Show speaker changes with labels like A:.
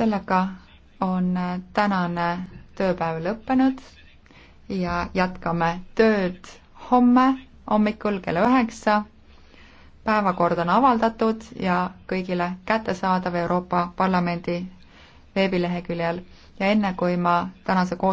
A: sellega on tänane tööpäev lõppenud ja jätkame tööd homme hommikul kella üheksa. päevakord on avaldatud ja kõigile kättesaadav Euroopa Parlamendi veebileheküljel
B: ja enne kui ma tänase koos-